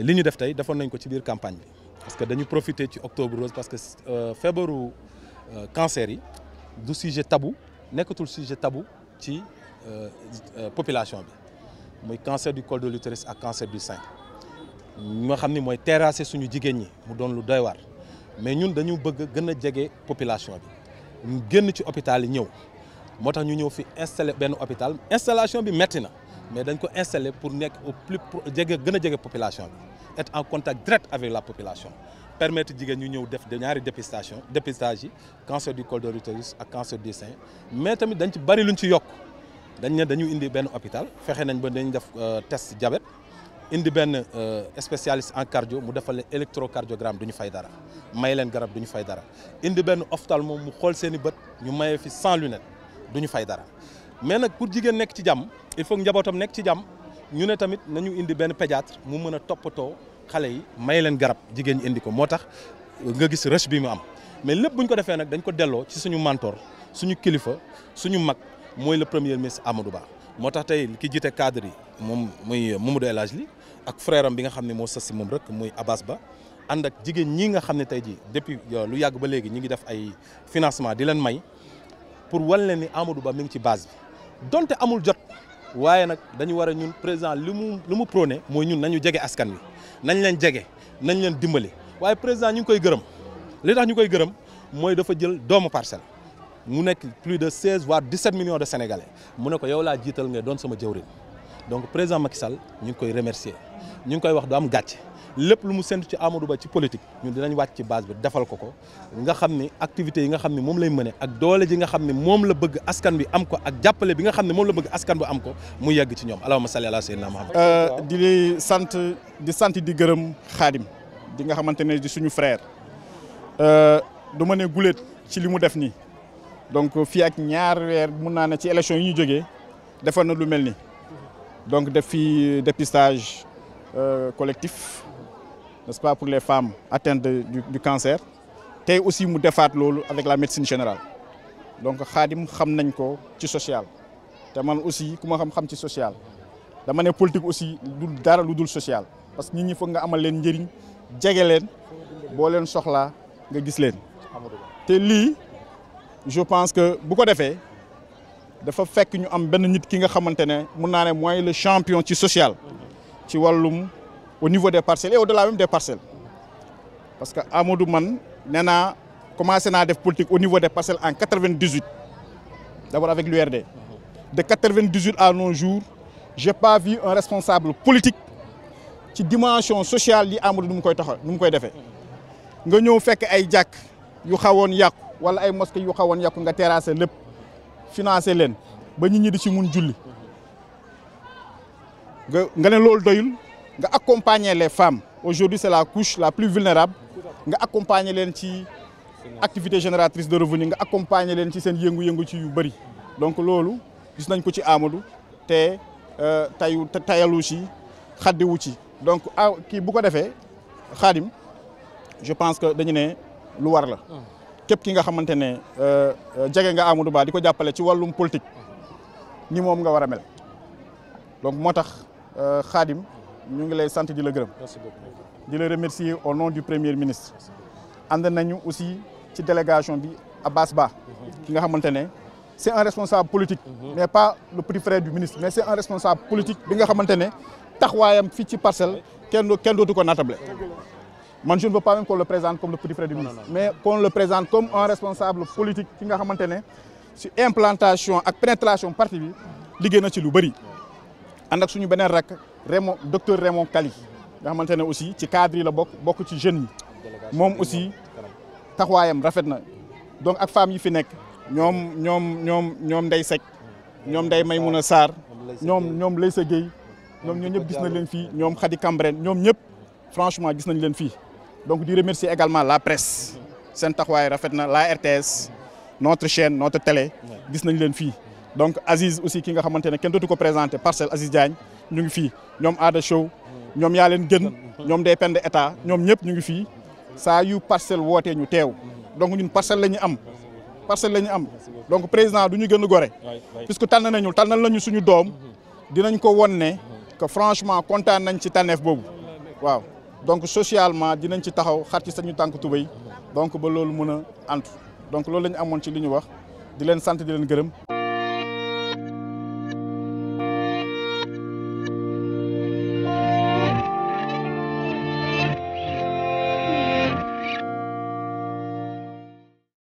li ñu def tey defoon nañ ko ci biir campagne bi parce que dañu profiter ci octobre rose parce que euh, feebaru euh, cancer yi du sujet tabou nekkatul sujet tabou ci euh, population bi muy cancer du col de l'utérus ak cancer du sein ñoo xam ni mooy terrasser suñu jigéen ñi mu doon lu doy mais ñun dañu bëgg gën a jege population bi ñu génn ci hôpital yi ñëw moo tax ñu ñëw fi installé benn hôpital installation bi metti na mais dañ ko installé pour nekk au plus jege gën a jege population bi et en contact direct avec la population permettre jigéen ñu ñëw def ñaari dépistation dépistage yi cancer du col de l'utérus ak cancer du sein mais tamit dañ ci bari luñ ci yokk dañ ne dañu indi benn hôpital fexe nañ ba dañu def euh, test diabète indi benn euh, spécialiste en cardio mu defal leen électrocardiogramme du fay dara may leen garab du ñu fay dara indi benn ophtalmo mu xool seen i bët ñu maye fi sans lunettes du ñu fay dara mais nag pour jigéen nekk ci jàmm il faut njabootam nekk ci jàmm ñu ne tamit nañu indi benn pédiatre mu mën a toppatoo xale yi may leen garab jigéen ñi indi ko moo tax nga gis rush bi mu am mais lépp bu ñu ko defee nag dañ ko delloo ci suñu mentor suñu kilifa suñu mag mooy le premier ministre Amadou Ba moo tax tey ki jiite cadre moom muy Mamadou El li ak frère bi nga xam ne moo sës si moom rek muy Abbas Ba ànd ak jigéen ñi nga xam ne tey jii depuis euh, lu yàgg ba léegi ñi ngi def ay financement di leen may pour wan leen ni Amadou Ba mu ngi ci base bi donte amul jot waaye nag dañu war a ñun président li mu li mu prôné mooy ñun nañu jege askan wi nañ leen jege nañ leen dimbali waaye président ñu ngi koy gërëm li tax ñu koy gërëm mooy dafa jël doomu parcelle mu nekk plus de 16 voire 17 millions de sénégalais mu ne ko yow laa jiital ngay doon sama jëwriñ donc président Macky Sall ñu ngi koy remercier ñu ngi koy wax du am gàcce. lépp lu mu séntu ci Amadou Ba ci politique ñun dinañ wàcc ci base bi defal ko ko nga xam ni activités yi nga xam ni moom lay mëne ak doole ji nga xam ni moom la bëgg askan bi am ko ak jàppale bi nga xam ni moom la bëgg askan bi am ko mu yàgg ci ñoom allahumma salli ala sayyidina Muhammad euh, di lay sant di sant di gërëm Xaadim di nga xamante ne di suñu frère euh, du ma ne ci li mu def nii donc fii ak ñaar weer mun naa ne ci élection yi ñu jógee defar na lu mel nii donc def fi dépistage euh, collectif n'est-ce pas, pour les femmes atteintes de, du, du, cancer. Tay aussi, nous devons avec la médecine générale. Donc, nañ ko ci que te man aussi, xam xam ci sociale dama ne politique aussi, lu dul social. Parce que nous avons amal len njëriñ jege leen boo leen soxla nga gis len te lii je pense que bu ko defee dafa fekk ñu am benn nit ki nga xamantene mun naa né moyen le champion ci sociale ci walum au niveau des parcelles et au-delà même des parcelles parce que Amadou man nee naa commencé naa def politique au niveau des parcelles en 98 d'abord avec l'URD de 98 à nos jours j'ai pas vu un responsable politique ci dimension sociale yi Amadou nu mu koy taxaw nu mu koy defee nga ñëw fekke ay jàkk yu xawoon yàqu wala ay mosquée yu xawoon yàqu nga terrasser lépp financer leen ba nit ñi di ci mun julli nga ne loolu doyul nga accompagner les femmes aujourd'hui c'est la couche la plus vulnérable nga accompagner leen ci activité génératrice de revenu nga accompagner leen ci seen yëngu-yëngu ci yu bëri donc loolu gis nañ ko ci Amadou te euh, tayu tayalu ci xaddiwu ci donc ah kii bu ko defee Khadim je pense que dañu ne lu war la ki nga xamante ne euh, jege nga Amadou Ba di ko jàppale ci wàllum politique ni moom nga war a mel donc moo tax euh, Khadim ñu ngi lay sant di la gërëm. di la remercier au nom du premier ministre. ànd nañu aussi ci délégation bi Abbas Ba. ki nga xamante ne c' est un responsable politique. Mhm. mais pas le petit frère du ministre mais c' est un responsable politique bi nga xamante ne taxawaayam fii ci parcelle kenn kenn dootu ko naatable. man je ne veux pas même qu'on présente comme le petit frère du ministre. mais qu'on le présente comme un responsable politique ki nga xamante ne ci implantation ak pénétration parti bi liggéey na lu bëri ànd suñu beneen rakk. Raymond docteur Raymond Kali nga xamante ne aussi ci cadre yi la bokk bokk ci jeunes yi moom aussi taxawaayam rafet na donc ak femmes yi fi nekk ñoom ñoom ñoom ñoom Ndeye Seck ñoom Ndeye Maymouna Sarr ñoom ñoom Leysa Gueye ñoom ñoo ñëpp gis leen fii ñoom Khady Cambrène ñoom ñëpp franchement gis nañ leen fii donc di remercier également la presse seen taxawaay rafet na la RTS notre chaîne notre télé gis nañ leen fii donc Aziz aussi ki nga xamante ne kenn dootu ko présenté parcelle Aziz Diagne ñu ngi fii ñoom Aada Show ñoom yaa leen gën ñoom day pend état ñoom ñëpp ñu ngi fii saa yu parcelle wootee ñu teew donc ñun parcelle la ñu am parcelle la ñu am donc président du ñu gën a gore puisque tànn nañu tànnal nañu suñu doom dinañ ko won ne que franchement kontaan nañ ci tànneef boobu waaw donc socialement dinañ ci taxaw xar ci sañu tànk tubéy donc ba loolu mën a antu donc loolu la ñu amoon ci li ñu wax di leen sant di gërëm